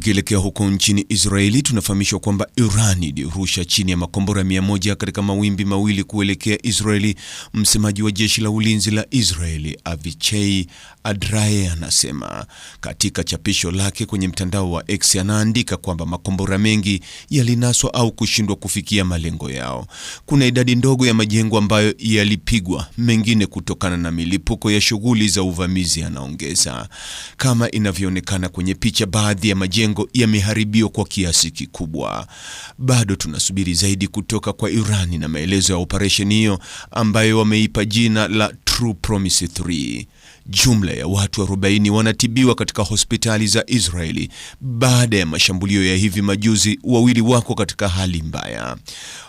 Tukielekea huko nchini Israeli tunafahamishwa kwamba Iran ilirusha chini ya makombora moja katika mawimbi mawili kuelekea Israeli. Msemaji wa jeshi la ulinzi la Israeli, Avichai Adrae, anasema katika chapisho lake kwenye mtandao wa X, anaandika kwamba makombora mengi yalinaswa au kushindwa kufikia malengo yao. Kuna idadi ndogo ya majengo ambayo yalipigwa, mengine kutokana na milipuko ya shughuli za uvamizi, anaongeza. Kama inavyoonekana kwenye picha, baadhi ya majengo majengo yameharibiwa kwa kiasi kikubwa. Bado tunasubiri zaidi kutoka kwa Irani na maelezo ya operesheni hiyo ambayo wameipa jina la True Promise 3. Jumla ya watu 40 wanatibiwa katika hospitali za Israeli baada ya mashambulio ya hivi majuzi, wawili wako katika hali mbaya.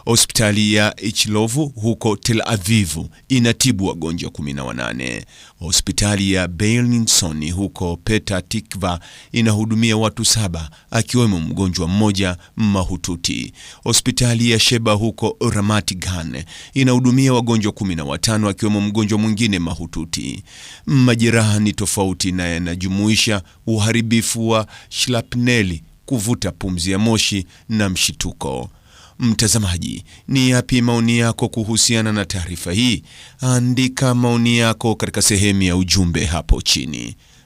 Hospitali ya Ichlovu huko Tel Avivu inatibu wagonjwa 18. Hospitali ya Beilinson huko Petah Tikva inahudumia watu saba akiwemo mgonjwa mmoja mahututi. Hospitali ya Sheba huko Ramat Gan inahudumia wagonjwa 15 akiwemo mgonjwa mwingine wengine mahututi. Majeraha ni tofauti na yanajumuisha uharibifu wa shrapneli, kuvuta pumzi ya moshi na mshituko. Mtazamaji, ni yapi maoni yako kuhusiana na taarifa hii? Andika maoni yako katika sehemu ya ujumbe hapo chini